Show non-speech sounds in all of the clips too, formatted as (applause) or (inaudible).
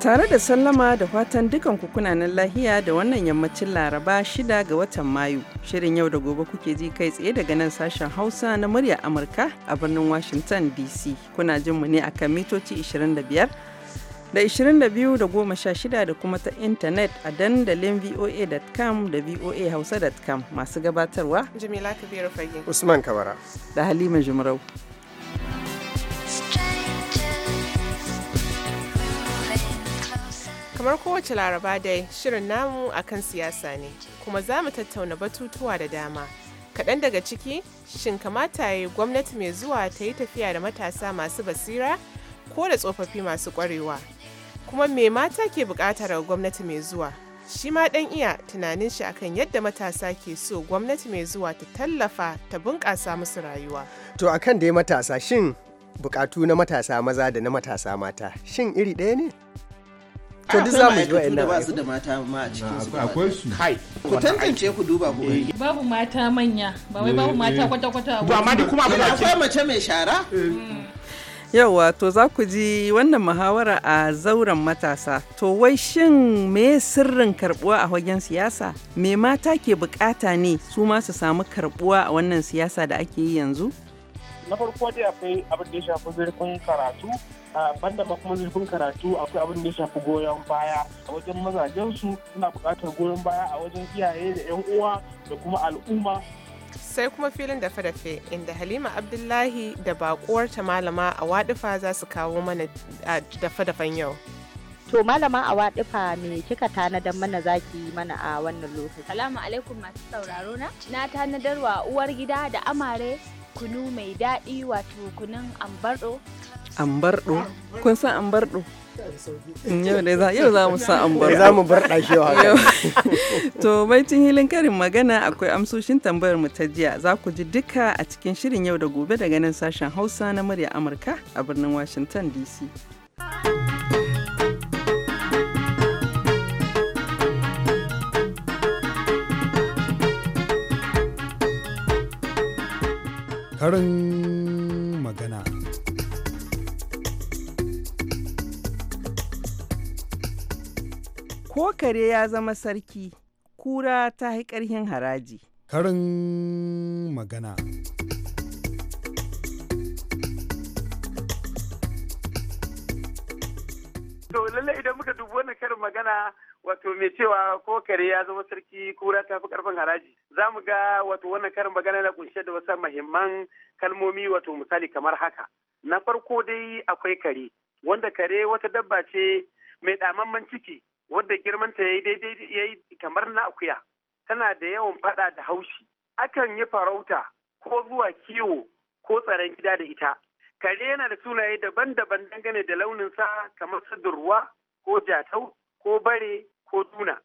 Tare da sallama da fatan dukan kunanan lahiya da wannan yammacin Laraba shida ga watan Mayu. Shirin yau da gobe kuke ji kai tsaye daga nan sashen Hausa na murya Amurka a birnin Washington DC. Kuna jin mu ne akan mitoci 25 da 22 da shida da kuma ta intanet a dandalin voa.com da voahausa.com masu gabatarwa. jimila Kabiru Fage. Usman Kabara. Da Halima Jumrau. Kamar kowace Laraba dai, shirin namu akan siyasa ne, kuma za mu tattauna batutuwa da dama. Kaɗan daga ciki, shin kamata ya yi gwamnati mai zuwa ta yi tafiya da matasa masu basira ko da tsofaffi masu ƙwarewa? Kuma me mata ke buƙatar gwamnati mai zuwa? Shi ma ɗan iya tunanin shi akan yadda matasa ke so gwamnati mai zuwa ta tallafa ta bunƙasa musu rayuwa. To akan dai matasa shin buƙatu na matasa maza da na matasa mata shin iri ɗaya ne? to duk za mu zuwa inda ba su da mata ma a cikin su akwai su kai ku tantance ku duba ku babu mata manya ba wai babu eh, mata eh. kwata kwata ba amma duk kuma akwai mace mai shara hmm. yauwa to za ku ji wannan muhawara a zauren matasa to wai shin me sirrin karbuwa a wajen siyasa me mata ke bukata ne su ma su samu karbuwa a wannan siyasa da ake yi yanzu na farko dai akwai abin da ya shafi zurfin karatu banda ba kuma zurfin karatu akwai abin da ya shafi goyon baya a wajen mazajensu suna buƙatar goyon baya a wajen iyaye da 'yan uwa da kuma al'umma sai kuma filin dafe-dafe inda halima abdullahi da bakuwarta malama a waɗifa za su kawo mana da dafen yau to malama a waɗifa me kika tanadar mana zaki mana a wannan lokaci salamu alaikum masu sauraro na na tanadarwa uwar gida da amare kunu mai daɗi wato kunun ambardo. Ambardo? Kun san ambardo? Mm, yau da yau za mu sa (laughs) ambardo. Za mu bar yau. (laughs) To baitin hilin karin magana akwai amsoshin tambayar mu ta jiya za ku ji duka a cikin shirin yau da gobe daga nan sashen Hausa na murya Amurka a birnin Washington DC. karin magana. Ko kare ya zama sarki, kura ta yi ƙarhin haraji. Karin magana. To lallai idan muka dubi wannan karin magana wato mai cewa ko kare ya zama sarki kura ta fi karfin haraji za mu ga wato wannan karin magana na kunshe da wasu mahimman kalmomi wato misali kamar haka na farko dai akwai kare wanda kare wata dabba ce mai damamman ciki wanda girmanta ya yi daidai ya yi kamar na akuya tana da yawan fada da haushi akan yi farauta ko zuwa kiwo ko tsaron gida da ita kare yana da sunaye daban-daban dangane da launinsa kamar su durwa ko jatau ko bare ko duna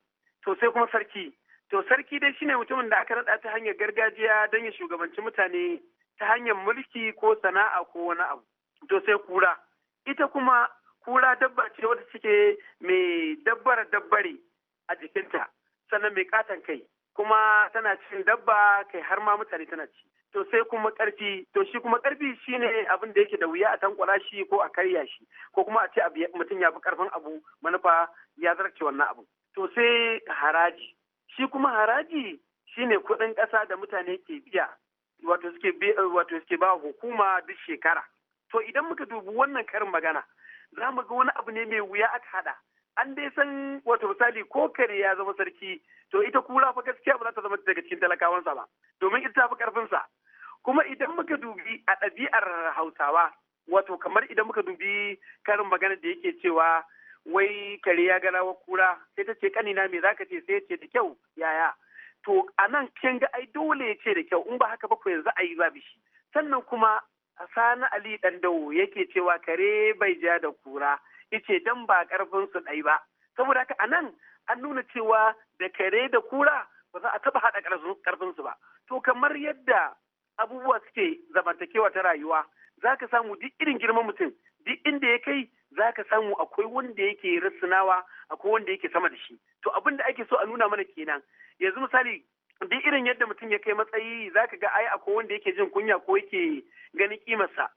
to sai kuma sarki to sarki dai shine mutumin da aka raɗa ta hanyar gargajiya don ya shugabanci mutane ta hanyar mulki ko sana'a ko wani abu to sai kura ita kuma kura dabba ce wadda suke mai dabbara dabbare a jikinta sannan mai katon kai kuma tana cin dabba kai har ma mutane tana ci to sai kuma karfi to shi kuma karfi shine abin da yake da wuya a tankwara shi ko a karya shi ko kuma a ce mutum ya fi karfin abu manufa ya zarce wannan abu to sai haraji shi kuma haraji shine kuɗin kasa da mutane ke biya wato suke wato suke ba hukuma duk shekara to idan muka dubi wannan karin magana za mu ga wani abu ne mai wuya aka hada an dai san wato misali ko kare ya zama sarki to ita kura fa gaskiya ba za ta zama daga cikin talakawansa ba domin ita tafi fi karfinsa kuma idan muka dubi a ɗabi'ar hausawa wato kamar idan muka dubi karin magana da yake cewa wai kare ya gana wa kura sai ta ce kanina me zaka ce sai ce da kyau yaya to anan nan kin ga ai dole ya ce da kyau in ba haka ba ko yanzu a yi babu shi sannan kuma sani ali dandawo yake cewa kare bai ja da kura ce dan ba karfin su ɗai ba saboda haka anan an nuna cewa da kare da kura ba za a taba haɗa karfin su ba to kamar yadda abubuwa suke zamantakewa ta rayuwa za ka samu duk irin girman mutum duk inda ya kai za ka samu akwai wanda yake rassunawa akwai wanda yake sama da shi to abin da ake so a nuna mana kenan yanzu misali duk irin yadda mutum ya kai matsayi za ka ga ai akwai wanda yake jin kunya ko yake ganin kimarsa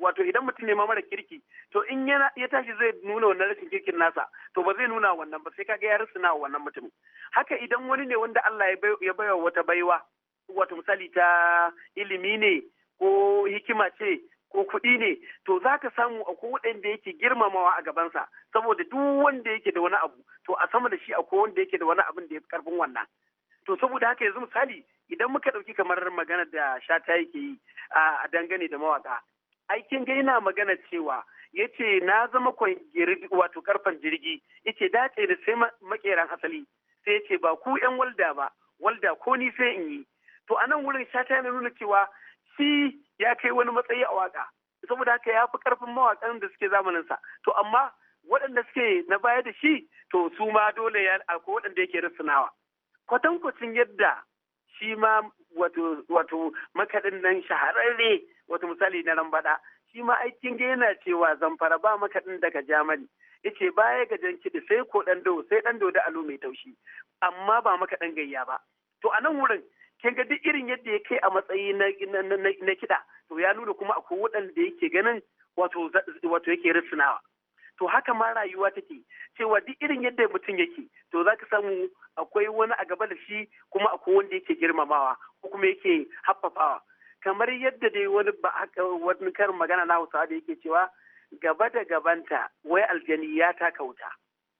wato idan mutum ne ma mara kirki to in yana ya tashi zai nuna wannan rashin kirkin nasa to ba zai nuna wannan ba sai kaga ya rusuna wannan mutum. haka idan wani ne wanda Allah ya baiwa wata baiwa wato misali ta ilimi ne ko hikima ce ko kuɗi ne to za ka samu akwai waɗanda yake girmamawa a gabansa saboda duk wanda yake da wani abu to a sama da shi akwai wanda yake da wani abin da ya fi karfin wannan to saboda haka yanzu misali idan muka ɗauki kamar magana da shata yake yi a dangane da mawaka aikin ga yana magana cewa ya ce na zama kwan wato karfan jirgi ya ce dace da sai makeran asali sai ya ce ba ku yan walda ba walda ko ni sai in yi to anan wurin shata yana nuna cewa shi ya kai wani matsayi a waka saboda haka ya fi karfin mawakan da suke zamaninsa to amma waɗanda suke na baya da shi to su ma dole ya ko waɗanda yake rasunawa kwatankwacin yadda shi ma wato makaɗin nan shahararre wato misali na rambaɗa shi ma aikin ga yana cewa zamfara ba makaɗin daga jamani yace baya ga jan kiɗi sai ko ɗan do sai ɗan do da alo mai taushi amma ba makaɗin gayya ba to a nan wurin kin ga duk irin yadda ya kai a matsayi na kiɗa to ya nuna kuma akwai waɗanda yake ganin wato wato yake risinawa to haka ma rayuwa take cewa duk irin yadda mutum yake to za ka samu akwai wani a gaba da shi kuma akwai wanda yake girmamawa ko kuma yake haffafawa kamar yadda dai wani wani karin magana na hausawa da yake cewa gaba da gabanta wai aljani ya taka wuta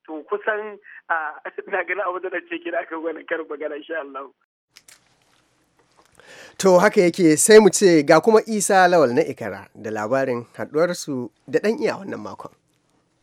to kusan (laughs) na gani abu da ce kira akan wani karin magana insha Allah To haka yake sai mu ce ga kuma Isa Lawal na Ikara da labarin haɗuwarsu da ɗan iya wannan makon.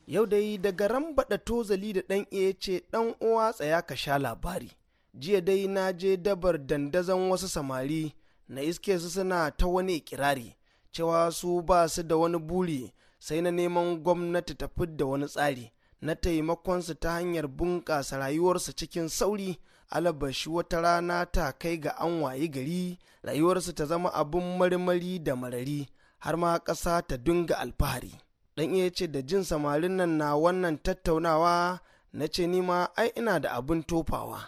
Yau dai daga rambaɗa tozali da ɗan iya ce ɗan uwa tsaya ka sha labari. Jiya dai na je dabar dandazon wasu samari na iske su suna ta wani kirari cewa su ba su da wani buri sai na neman gwamnati ta da wani tsari na taimakonsu ta hanyar bunƙasa rayuwarsu cikin sauri alabashi wata rana ta kai ga an waye gari rayuwarsu ta zama abin marmari da marari har ma ƙasa ta dunga alfahari. dan iya ce da jin samarin nan na wannan tattaunawa na ce nima ma ai ina da abin tofawa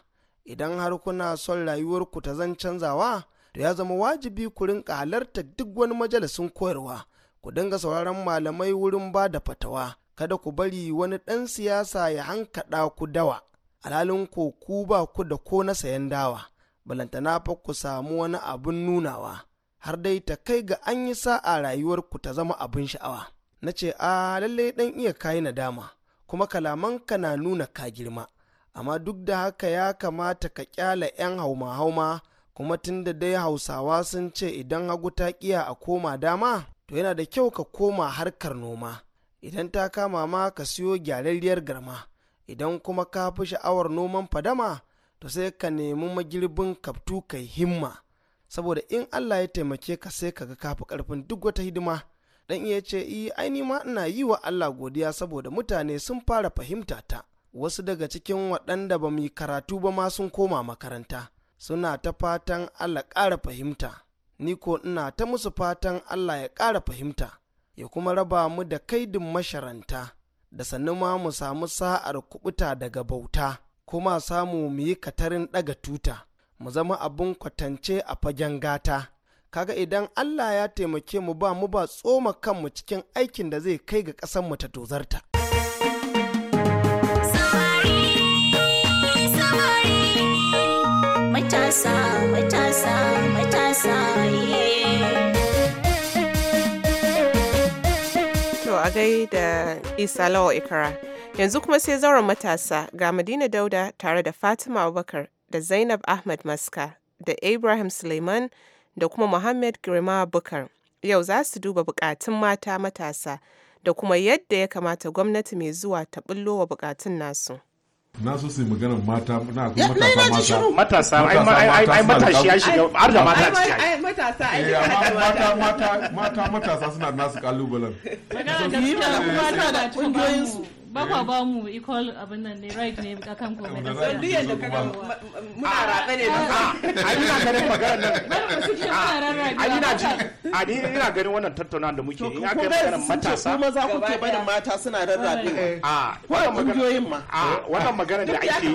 idan har kuna son rayuwarku ta zan canzawa to ya zama wajibi ku rinka halartar duk wani majalisin koyarwa ku dinga sauraron malamai wurin ba da fatawa kada ku bari wani ɗan siyasa ya hankaɗa ku dawa alhalin ko ku ba ku da ko na sayan dawa balantana fa ku samu wani abin nunawa har dai ta kai ga an yi sa'a rayuwarku ta zama abin sha'awa na ce a lallai dan iya kayi nadama kuma kalamanka na nuna ka girma amma duk da haka ya kamata ka kyala 'yan hauma-hauma kuma tunda dai hausawa sun ce idan hagu ta kiya a koma dama to yana da kyau ka koma harkar noma idan ta kama ma ka siyo gyararriyar garma idan kuma ka fi sha'awar noman fadama to sai ka nemi magirbin kaftu kai himma saboda in allah ya taimake ka sai ka ga kafi karfin duk wata hidima dan iya ce i aini ma ina yi wa Allah godiya saboda mutane sun fara fahimta ta wasu daga cikin waɗanda ba mu karatu ba ma sun koma makaranta suna ta fatan Allah ƙara fahimta ni ko ina ta musu fatan Allah ya ƙara fahimta ya kuma raba mu da kaidin masharanta da sannu ma mu samu sa'ar kubuta daga bauta kuma samu mu yi katarin ɗaga tuta mu zama abin kwatance a fagen gata kaga idan Allah ya taimake mu ba mu ba tsoma kanmu cikin aikin da zai kai ga ƙasar mu ta dozarta to a da isa lawa ikara yanzu kuma sai zauren matasa ga madina dauda tare da fatima abubakar da zainab ahmad maska da ibrahim suleiman da kuma Muhammad Girma Bukar. Yau za su duba bukatun mata matasa da kuma yadda ya kamata gwamnati mai zuwa ta bullo wa bukatun nasu. na so sai mata na akwai matasa mata matasa ai matashi ya shiga har da mata ciki ai matasa ai eh, mata mata mata matasa suna nasu kalubalen magana da mata da kungiyoyin su ba kwa ba mu equal abin nan ne right ne ka kan ko da sandiyan da kaga muna rabe ne da ka ah, ai ina ganin magana nan ah, ai ina ji a ah, ina ganin wannan tattaunawa da muke yi aka magana matasa kuma za ku ke barin mata suna rarrabe a wannan magana ma a wannan magana da ake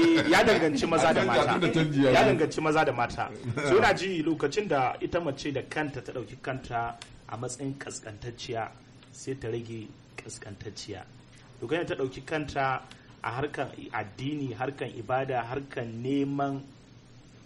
eh, ya danganci maza da mata ya danganci maza da mata so ina ji (laughs) lokacin da ita mace da kanta ta dauki kanta a matsayin kaskantacciya sai ta rage kaskantacciya Uganda ta ɗauki kanta a harkar addini harkar ibada harkar neman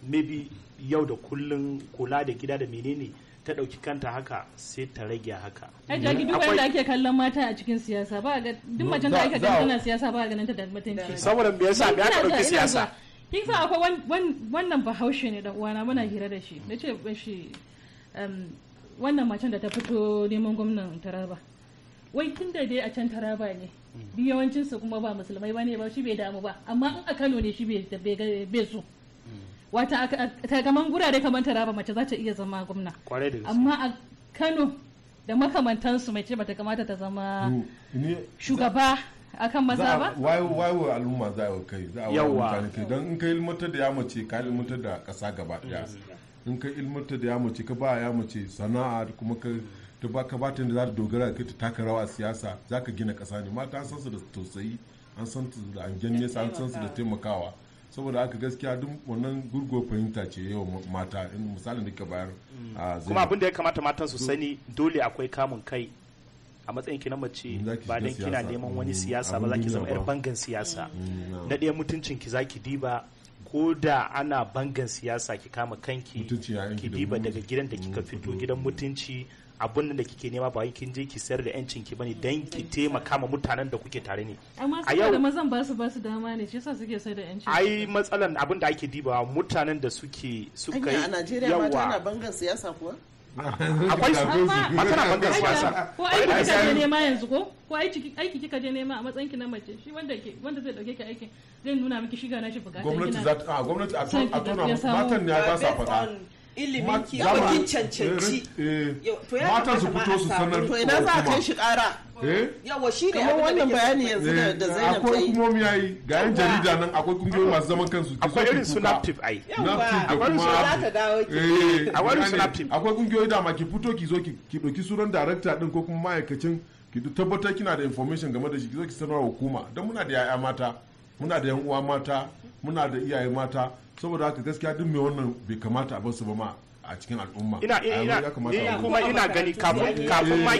maybe yau da kullun kula da gida da menene ta ɗauki kanta haka sai ta rage haka. Ai jaki duk wanda ake kallon mata a cikin siyasa ba ga duk macen da ake kallon tana siyasa ba ganin ta da mutunci. Saboda me yasa me aka ɗauki siyasa? Kin san akwai wannan bahaushe ne da uwana muna hira da shi. Nace shi wannan macen da ta fito neman gwamnan Taraba. Wai tun da dai a can Taraba ne. biyawancinsu kuma ba musulmai ba ne ba shi bai damu ba amma in a kano ne shi bai so wata kaman gurare kamar taraba mace za ta iya zama gwamna amma a kano da makamantansu mai ce bata kamata ta zama shugaba akan maza ba wa al'umma za a kai za a wani mutane kai don in ka ilmantar da ya ka ilmantar da kasa gaba daya mm. in ka ilmantar da ya ka ba ya sana'a kuma ka ta ba ta yadda za ta dogara kai ta taka rawa a siyasa za ka gina ƙasa ne mata an san su da tausayi an san su da angen nesa an san su da taimakawa saboda haka gaskiya duk wannan gurgo fahimta ce yau mata in misalin da ka bayar mm. a kuma abin da ya kamata matan su sani dole akwai kamun kai a matsayin ki na mace mm, ba dan kina neman wani mm, siyasa ba za ki zama yar bangan siyasa na ɗaya mutuncin ki za ki diba ko da ana bangan siyasa ki kama kanki ki diba daga gidan da kika fito gidan mutunci abun da kike nema ba kin je ki sayar da yancin ki bane dan ki taimaka ma mutanen da kuke tare ne a yau da mazan ba su ba su dama ne shi yasa suke sayar da yancin ai matsalan abun da ake diba mutanen da suke suka yi a Najeriya mata ana bangar siyasa kuwa akwai su ba tana bangar siyasa ko aiki kika je nema yanzu ko ko aiki kika je nema a matsayin ki na mace shi wanda ke wanda zai dauke ki aikin zai nuna miki shiga na shi bukata gwamnati za ta gwamnati a tona matan ne ba sa fada ilimin ki kin cancanci eh, eh, to ya mata su fito su sanar to ina za a kai shi kara eh? yawa shi ne kamar wannan bayani yanzu da Zainab akwai hukumomi yayi ga yan jarida nan akwai kungiyoyi masu zaman kansu akwai irin su naptip ai akwai irin za akwai su naptip akwai kungiyoyi da ma ki fito ki zo ki doki suran director din ko kuma ma'aikacin ki tabbatar kina da information game da shi ki zo ki sanarwa hukuma don muna da yaya mata muna da yan uwa mata muna da iyaye mata saboda haka gaskiya duk mai wannan bai kamata a basu ba ma a cikin al'umma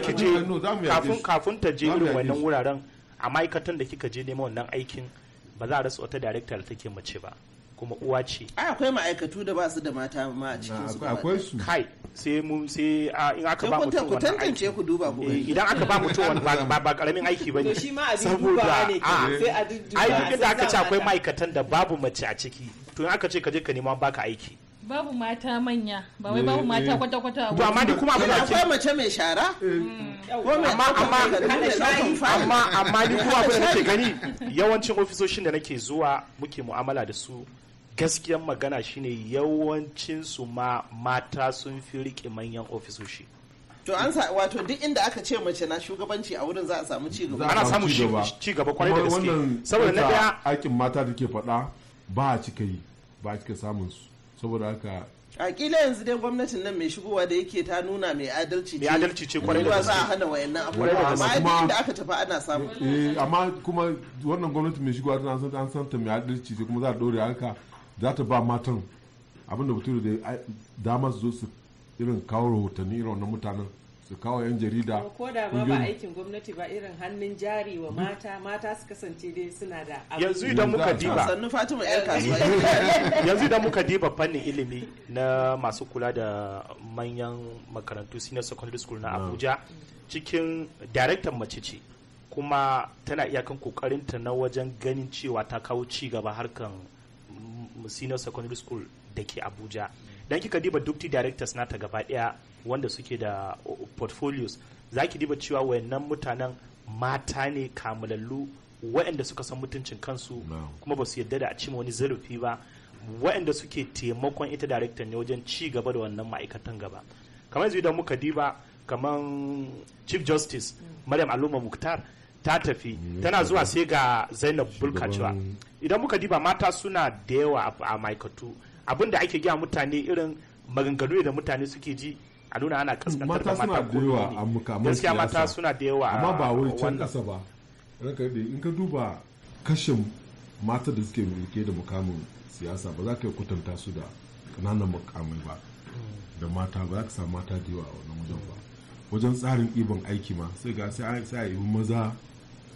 kafin kafin ta je irin wannan wuraren a ma'aikatan da kika je neman wannan aikin ba za a rasa wata director da take mace ba kuma uwa ce akwai ma'aikatu da ba su da mata ma a cikin su akwai su kai sai mun sai in aka ba mutum wannan tantance ku duba ku eh, idan aka ba mutum wannan ba (laughs) ba karamin aiki bane to shi ma a duba ne sai a duba ai duk da aka ce akwai ma'aikatan da babu mace a ciki to in aka ce ka je ka nema baka aiki babu mata manya ba wai babu mata eh, eh. kwata kwata to amma duk kuma abin da akwai mace mai shara amma amma amma amma ni kuma abu da nake gani yawancin ofisoshin da nake zuwa muke mu'amala da su gaskiyan magana shine su ma mata sun fi riƙe manyan ofisoshi to an sa wato duk inda aka ce mace na shugabanci a wurin za a samu ci gaba ana samu ci gaba kwarai da gaske saboda na daya aikin mata da ke faɗa ba a cika yi ba a cika samun su saboda haka a kila yanzu dai gwamnatin nan mai shigowa da yake ta nuna mai adalci ce mai adalci ce kwarai da gaske za a hana wayannan abubuwa amma duk inda aka tafi ana samu eh amma kuma wannan gwamnati mai shigowa tana an san ta mai adalci ce kuma za a dore haka za ta ba matan abinda mutum da dama su zo su irin kawo rahotanni irin wannan mutanen su kawo 'yan jarida ko da ma ba aikin gwamnati ba irin hannun jari wa mm. mata mata su kasance dai suna da yanzu idan muka diba sannu fatima yar kasuwa (laughs) yanzu idan muka diba fannin ilimi na masu kula da manyan makarantu senior secondary school na abuja cikin daraktan mace ce kuma tana iyakan kokarinta na wajen ganin cewa ta kawo ci gaba harkan mu senior secondary school da ke abuja dan kika diba duty directors na ta gaba daya wanda suke da portfolios za ki diba cewa wayannan mutanen mata ne kamalallu wayanda suka san mutuncin kansu kuma ba su yarda da a cima wani zarafi ba wayanda suke taimakon ita director ne wajen ci gaba da wannan ma'aikatan gaba kamar yanzu idan muka diba kamar chief justice mm. maryam aluma muktar ta tafi tana zuwa sai ga zainab bulkacewa idan muka diba mata suna da yawa a ma'aikatu abinda da ake gina mutane irin maganganu da mutane suke ji a nuna ana kaskantar da mata gwiwa gaskiya mata suna da yawa amma ba wai can kasa ba in ka duba kashin mata da suke mulke da mukamin siyasa ba za ka kwatanta su da kananan mukamai ba da mata ba za ka samu mata da yawa a wani wajen ba wajen tsarin ibon aiki ma sai ga sai a yi maza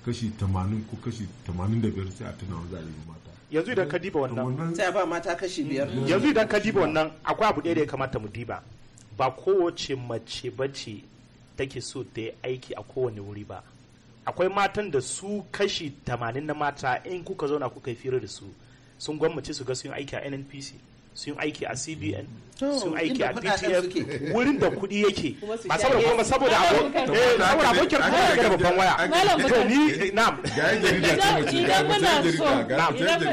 kashi 80 ko kashi 85 sai a tuna wanzu a zalibin mata yanzu idan ka diba wannan sai a ba mata kashi biyar yanzu idan ka diba wannan akwai abu ɗaya da ya kamata mu diba ba kowace mace bace take so ta yi aiki a kowane wuri ba akwai matan da su kashi 80 na mata in kuka zauna kuka yi fira da su sun gwamnati su ga sun aiki a nnpc sun aiki a cbn sun aiki a B.T.F wurin da kuɗi yake (laughs) ba saboda kuma saboda abokin kuma ya gada babban waya to ni na'am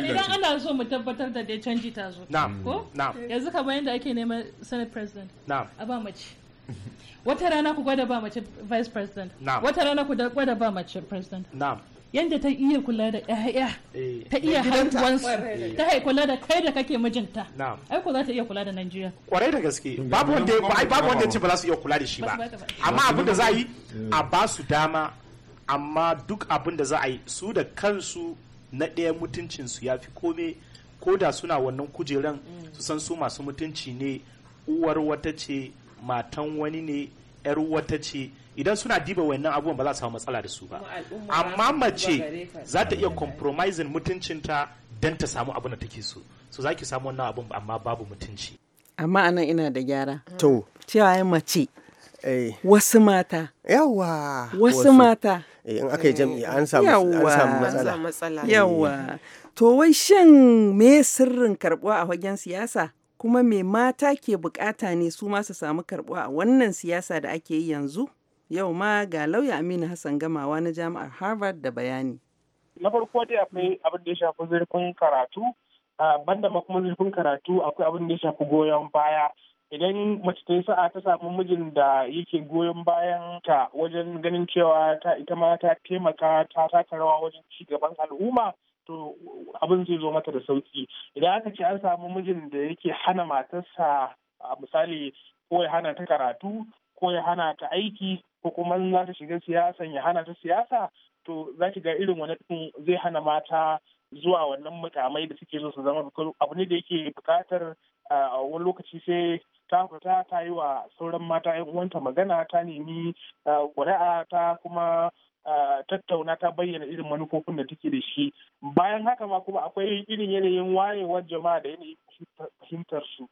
idan ana so mu tabbatar da dai canji ta zo ko yanzu kamar yadda ake neman senate president a ba mace wata rana ku gwada ba mace vice president wata rana ku gwada ba mace president yadda ta iya kula da ƴaƴa eh, ta iya haihuwansu ta iya kula da kai da kake mijinta ai ko za ta iya kula da Najeriya kwarai da gaske babu wanda babu wanda ce ba za su iya kula da shi ba amma abin da za a yi eh. a ba su dama amma duk abin da za a yi su da kansu na ɗaya mutuncinsu ya fi kome ko da suna wannan kujeran mm. su san su masu mutunci ne uwar wata ce matan wani ne 'yar wata ce idan suna diba wannan abubuwan ba za su samu matsala da su ba amma mace za ta iya compromising mutuncinta don ta samu abin da take so so za ki samu wannan abin amma babu mutunci amma anan ina da gyara to cewa mace eh. wasu mata yawa wasu mata eh, in aka yi jam'i an samu matsala yawa to wai shan me sirrin karbuwa a wajen siyasa kuma me mata ke bukata ne su ma su samu karbuwa a wannan siyasa da ake yi yanzu Yau ma ga lauya Aminu Hassan Gamawa na Jami'ar Harvard da bayani. Na farko dai akwai abin da ya shafi zurfin karatu, banda ma kuma zurfin karatu akwai abin da ya shafi goyon baya. Idan mace ta yi sa'a ta samu mijin da yake goyon bayan ta wajen ganin cewa ta ita ma ta taimaka ta taka rawa wajen ci gaban al'umma to abin zai zo mata da sauki. Idan aka ce an samu mijin da yake hana matarsa misali ko ya hana ta karatu ko ya hana ta aiki ko kuma za ta shiga siyasan ya hana ta siyasa to za ki ga irin wani zai hana mata zuwa wannan mukamai da suke zo su zama abu ne da yake bukatar a ah, wani lokaci sai ta fita ta yi wa sauran mata yan uwanta magana ta nemi ah, ƙuri'a ta kuma ah, tattauna ta bayyana irin manufofin da take da shi bayan haka ma kuma akwai irin yanayin wayewar jama'a da yanayin fahimtar su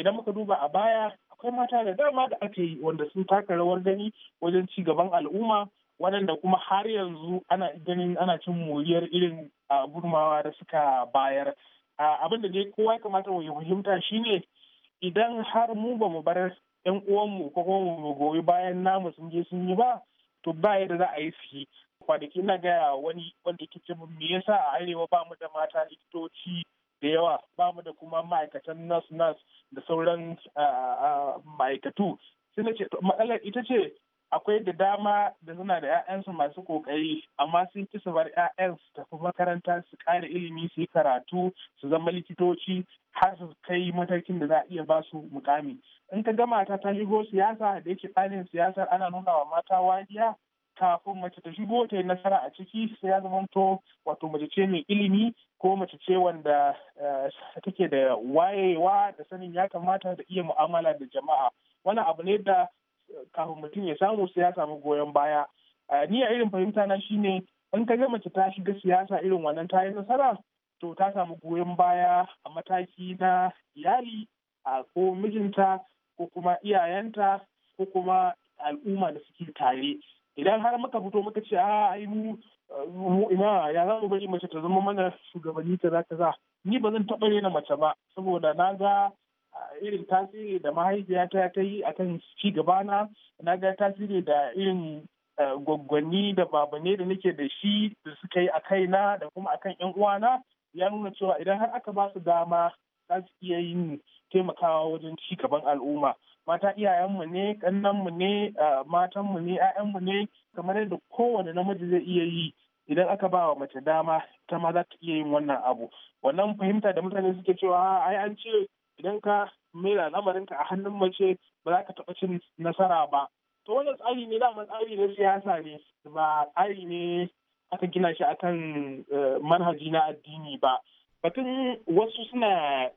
idan muka duba a baya akwai mata da dama da aka yi wanda sun taka rawar gani wajen ci gaban al'umma waɗanda kuma har yanzu ana ganin ana cin moriyar irin gudunmawa da suka bayar abin da dai kowa ya kamata mu fahimta shine idan har mu ba mu bar yan uwanmu ko kuma mu goyi bayan namu sun je sun yi ba to ba yadda za a yi su kwanaki na gaya wani wanda ke ce me yasa a arewa ba mu da mata likitoci da yawa ba mu da kuma ma'aikatan nas nas da sauran ma'aikatu sai na ce matsalar ita ce akwai da dama da suna da 'ya'yansu masu kokari amma sun ki su bar 'ya'yan tafi makaranta su ƙara ilimi su yi karatu su zama likitoci har su kai matakin da za a iya ba su mukami in ka gama ta ta shigo siyasa da yake tsarin siyasar ana nuna wa mata wariya kafin mace ta shigo ta yi nasara a ciki sai ya zama to wato mace ce mai ilimi ko mace ce wanda eh, take da wayewa da sanin ya kamata da iya mu'amala da jama'a wannan abu ne da eh, kafin mutum ya samu sai ya samu goyon baya eh, ni a irin fahimta na shine in ka ga mace ta shiga siyasa irin wannan ta yi nasara to ta samu goyon baya a mataki na iyali a ko mijinta ko kuma iyayenta ko kuma al'umma da suke tare idan har muka fito muka ce a ina ya za mu bari mace ta zama mana shugabanni ta za ta za ni ba zan taɓa rena mace ba saboda na ga irin tasiri da mahaifiyata ta yi a kan ci gabana na ga tasiri da irin gwaggwani da babane da nake da shi da suka yi a kaina da kuma a kan yan uwana ya nuna cewa idan har aka ba su dama za su iya yin taimakawa wajen ci gaban al'umma mata iyayenmu ne kannanmu ne matanmu ne 'ya'yanmu ne kamar yadda kowane namiji zai iya yi idan aka ba wa mace dama ta ma za ta iya yin wannan abu wannan fahimta da mutane suke cewa ai an ce idan ka mera lamarinka a hannun mace ba za ka taɓa cin nasara ba to wannan tsari ne dama tsari na siyasa ne ba tsari ne aka gina shi akan eh, manhaji na addini ba batun wasu suna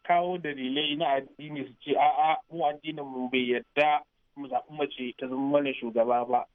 kawo dalilai na addini su ce a'a mu addinin mu bai yadda mu zaɓi mace ta zama mana shugaba ba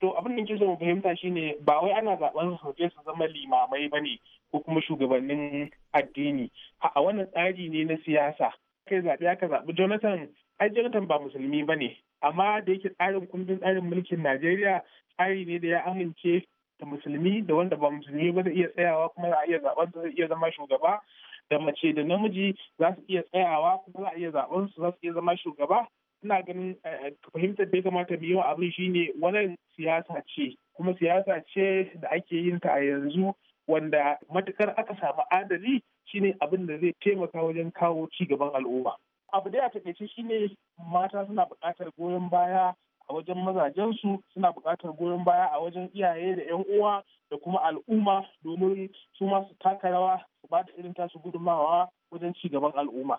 to abin da kisa mu fahimta shine ba wai ana zaɓen su je su zama limamai bane ko kuma shugabannin addini a wannan tsari ne na siyasa kai zaɓe aka zaɓi jonathan ai jonathan ba musulmi bane amma da yake tsarin kundin tsarin mulkin najeriya tsari ne da ya amince da musulmi da wanda ba musulmi ba zai iya tsayawa kuma za a iya zaɓar zai iya zama shugaba da mace da namiji za su iya tsayawa kuma za a iya zaɓar su za su iya zama shugaba ina ganin eh, fahimtar da ya kamata biyu abin shine wannan siyasa ce kuma siyasa ce da ake yin ta a yanzu wanda matukar aka samu adali shine abin da zai taimaka wajen kawo ci gaban al'umma abu da ya taƙaice shine mata suna buƙatar goyon baya a wajen mazajensu suna buƙatar goyon baya a wajen iyaye da 'yan uwa da kuma al'umma domin su masu taka rawa su ba da irin tasu gudunmawa wajen ci gaban al'umma.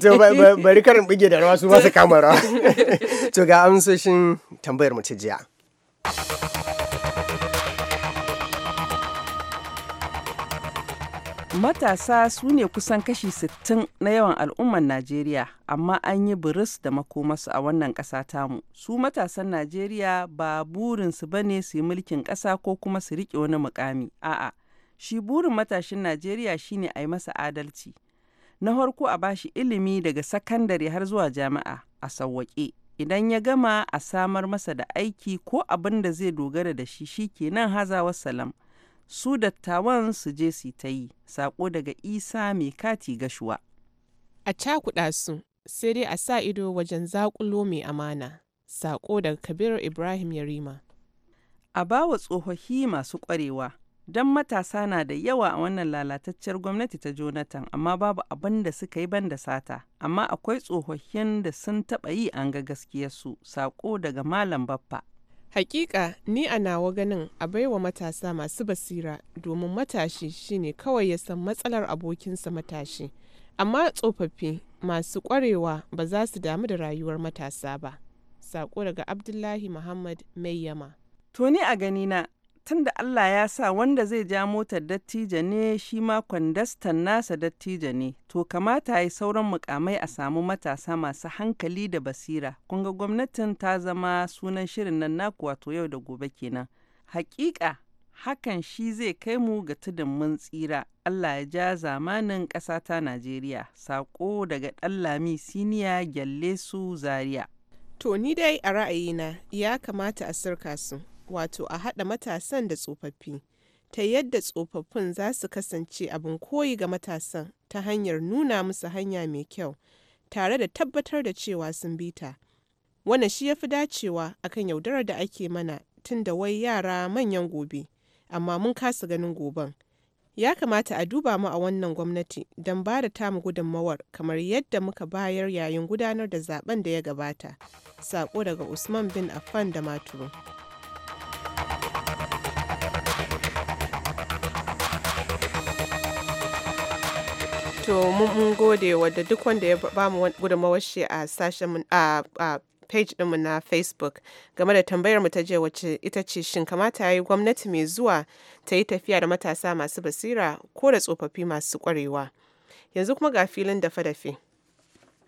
to bari karin bige da rawa su masu kamara. (laughs) to ga amsoshin tambayar mu ta jiya Matasa su ne kusan kashi 60 na yawan al'ummar Najeriya, amma an yi biris da makomasu a wannan ƙasa tamu. Su matasan Najeriya ba burinsu ba ne su yi mulkin ƙasa ko kuma su riƙe wani mukami. A'a, shi burin matashin Najeriya shine a yi masa adalci. Na harko a bashi ilimi daga sakandare har zuwa jami'a a sawwaƙe. Idan ya gama a samar masa da aiki ko abin da zai dogara da shi shi nan hazawar salam. Su dattawan su je su ta yi, saƙo daga Isa mai kati gashuwa. A cakuɗa su, sai dai a sa ido wajen zaƙulo mai amana. Saƙo daga Kabiru Ibrahim Yarima. A bawa tsohohi masu ƙwarewa. don matasa na da yawa a wannan lalatacciyar gwamnati ta Jonathan amma babu abin da suka yi ban da sata amma akwai tsohohin da sun taɓa yi an ga gaskiyarsu sako daga malam baffa. Hakika ni a nawa ganin a baiwa matasa masu basira domin matashi shine kawai ya san matsalar abokinsa matashi amma tsofaffi masu kwarewa ba za su damu da rayuwar matasa ba. Sako daga Abdullahi Muhammad yama To ni a ganina tunda Allah ya sa wanda zai ja motar dattijo ne shi ma kwandastan nasa dattijo ne to kamata yi sauran mukamai a samu matasa masu hankali da basira kunga gwamnatin ta zama sunan shirin nan naku wato yau da gobe kenan hakika hakan shi zai kai mu ga tudun mun tsira Allah ya ja zamanin ƙasa ta Najeriya sako daga Ɗallami Siniya Gyalle su Zaria to ni dai a ra'ayina ya kamata a sirka su wato a haɗa matasan da tsofaffi ta yadda tsofaffin za su kasance abin koyi ga matasan ta hanyar nuna musu hanya mai kyau tare da tabbatar da cewa sun bi ta. Wannan shi ya fi dacewa akan yaudarar da ake mana tun da wai yara manyan gobe, amma mun kasa ganin goben. Ya kamata a duba mu a wannan gwamnati don ba da tamu gudunmawar kamar yadda muka bayar yayin gudanar da zaben da ya gabata. Sako daga Usman bin Afan da Maturu. To mun gode wadda duk wanda ya ba mu gudunmawar shi a sashen a a page ɗinmu na Facebook game da tambayar mu ta je wacce ita ce shin kamata yi gwamnati mai zuwa ta yi tafiya da matasa masu basira ko da tsofaffi masu kwarewa. Yanzu kuma ga filin dafe-dafe.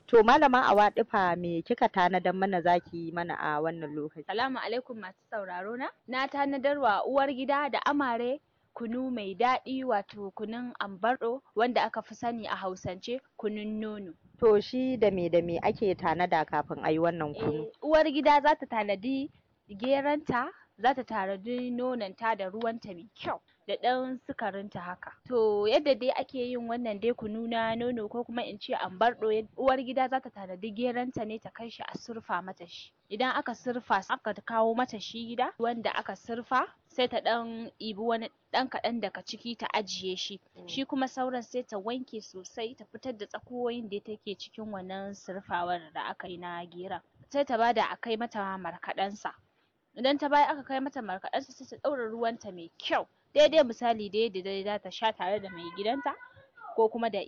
To malama a waɗifa me kika tanadar mana zaki mana a wannan lokaci? Salamu alaikum masu sauraro na. Na tanadar uwar gida da amare kunu mai daɗi wato kunun ambarɗo wanda aka fi sani a hausance kunun nono. To shi da me da me ake tanada kafin a yi wannan eh, kunu? Uwar gida za ta tanadi geranta, za ta tanadi nononta da ruwanta mai kyau. da ɗan sukarinta haka. To yadda dai ake yin wannan dai kunu na nono ko kuma in ce ambarɗo uwar gida za ta tanadi geranta ne ta kai shi a surfa mata shi. Idan aka surfa aka kawo mata shi gida wanda aka surfa sai ta ɗan ɗibi wani ɗan kaɗan daga ciki ta ajiye shi. Mm. Shi kuma sauran sai ta wanke sosai ta fitar da tsakuwoyin da take cikin wannan surfawar da aka yi na geron. Sai ta bada a kai mata markaɗensa. idan ta baya aka kai mata markaɗensa sai ta ɗaura ruwanta mai kyau daidai misali da yadda za ta sha tare da mai gidanta ko kuma da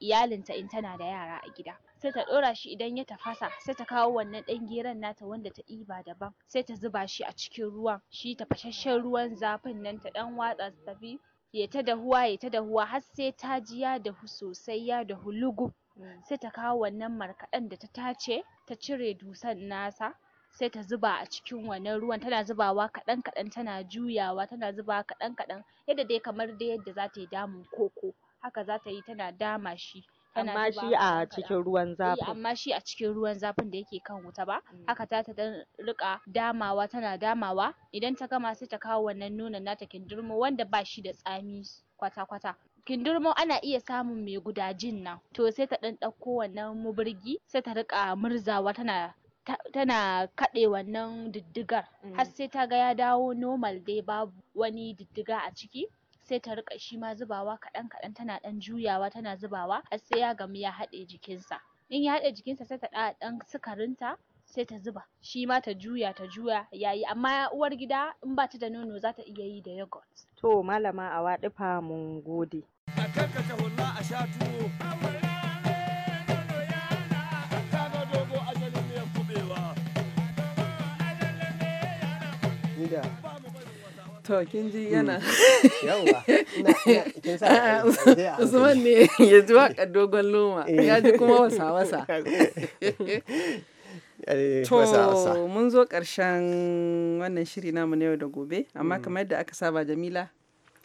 iyalinta in tana da yara a gida sai ta ɗora shi idan ya tafasa sai ta kawo wannan ɗan geron nata wanda ta ɗiba daban sai ta zuba shi a cikin ruwan shi tafasasshen ruwan zafin nan ta ɗan watsa ta tafi ya ta dahuwa ya ta dahuwa har sai ta ji ya dahu sosai ya dahu lugub hmm. sai ta kawo wannan markaɗen da ta tace ta cire dusan nasa sai ta zuba a cikin wannan ruwan tana zubawa kaɗan kaɗan tana juyawa tana zubawa kaɗan kaɗan yadda dai kamar dai yadda za ta yi damun koko haka za ta yi tana dama shi amma shi a cikin ruwan eh, zafin amma shi a cikin ruwan zafin da yake kan wuta ba mm. haka za ta dan riƙa damawa tana damawa idan ta gama sai ta kawo wannan nonon nata kindirmo wanda ba shi da tsami kwata-kwata kindirmo ana iya samun mai gudajin nan to sai ta ɗan ɗauko wannan mubirgi. sai ta riƙa murzawa tana tana kaɗe wannan diddigar mm. har sai ta ga ya dawo normal dai babu wani diddiga a ciki sai ta riƙa shi ma zubawa kaɗan kaɗan tana ɗan juyawa tana zubawa har sai ya gamu ya haɗe jikinsa in ya haɗe jikinsa sai ta ɗa ɗan sukarinta sai ta zuba shi ma ta juya ta juya ya yi. amma uwar gida in ba ta da nono za ta iya yi da yogurt to malama a waɗifa mun gode a sha tuwo gida to kin ji yana mm. yawa (laughs) ah, ne ya ji waka dogon loma eh. ya ji kuma wasa wasa (laughs) eh, to mun zo ƙarshen wannan shiri namu na yau da gobe amma mm. kamar yadda aka saba Jamila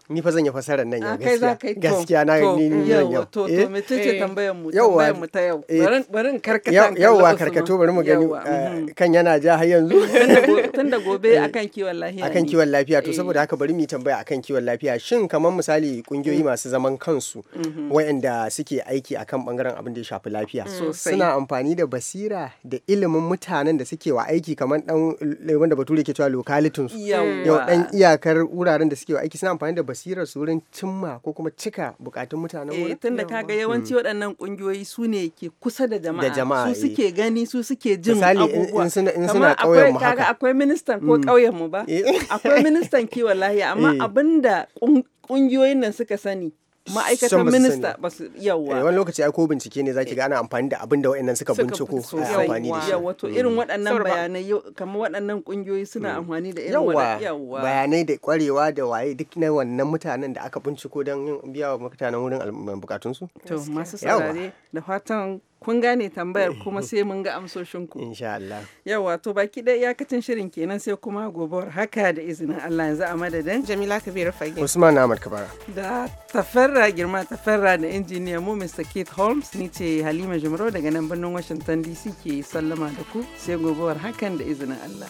ni fa zan yi fasarar nan ya ah, gaskiya gaskiya na ni ni nan yau to to eh, me eh, tambayar mu tambayar mu ta yau barin eh, barin karkata wa karkato bari mu gani mhm. kan yana ja har yanzu (laughs) tunda gobe akan kiwon lafiya akan kiwon lafiya to saboda haka bari mu tambaya akan kiwon lafiya shin kamar misali kungiyoyi mm. masu zaman kansu mm-hmm. waɗanda suke aiki akan bangaren abin da ya shafi lafiya mm, suna amfani da basira da ilimin mutanen da suke wa aiki kamar dan wanda bature ke cewa localitin su yau dan iyakar wuraren da suke wa aiki suna amfani da basira su wurin cimma ko kuma cika bukatun mutanen eh, wurin. Eh tunda kaga yawanci hmm. waɗannan kungiyoyi su ne ke kusa da jama'a. Su suke eh. gani su suke jin abubuwa. in in suna ƙauyen mu haka. akwai ministan ko hmm. ƙauyen mu ba. Eh. Akwai ministan kiwon lahiya amma (laughs) abinda kungiyoyin nan suka sani ma'aikatan minista ba su yawa eh, wani lokaci ai ko bincike ne zaki ga ana amfani da abin da waɗannan suka binciko a amfani da shi yawa to irin mm. waɗannan bayanai kamar waɗannan kungiyoyi suna mm. amfani da irin yawa bayanai da kwarewa da waye duk na wannan mutanen da aka binciko don biya wa mutanen wurin bukatun su to masu saurare da fatan kun gane tambayar eh. kuma sai mun ga amsoshin ku insha Allah yawa to baki da iyakacin shirin kenan sai kuma gobar haka da izinin Allah yanzu a madadin Jamila Kabiru Fage Usman Ahmad Kabara da tafarra girma tafarra da injiniya mu Mr Keith Holmes ni ce Halima Jumro daga nan birnin Washington DC ke sallama da ku sai gobar hakan da izinin Allah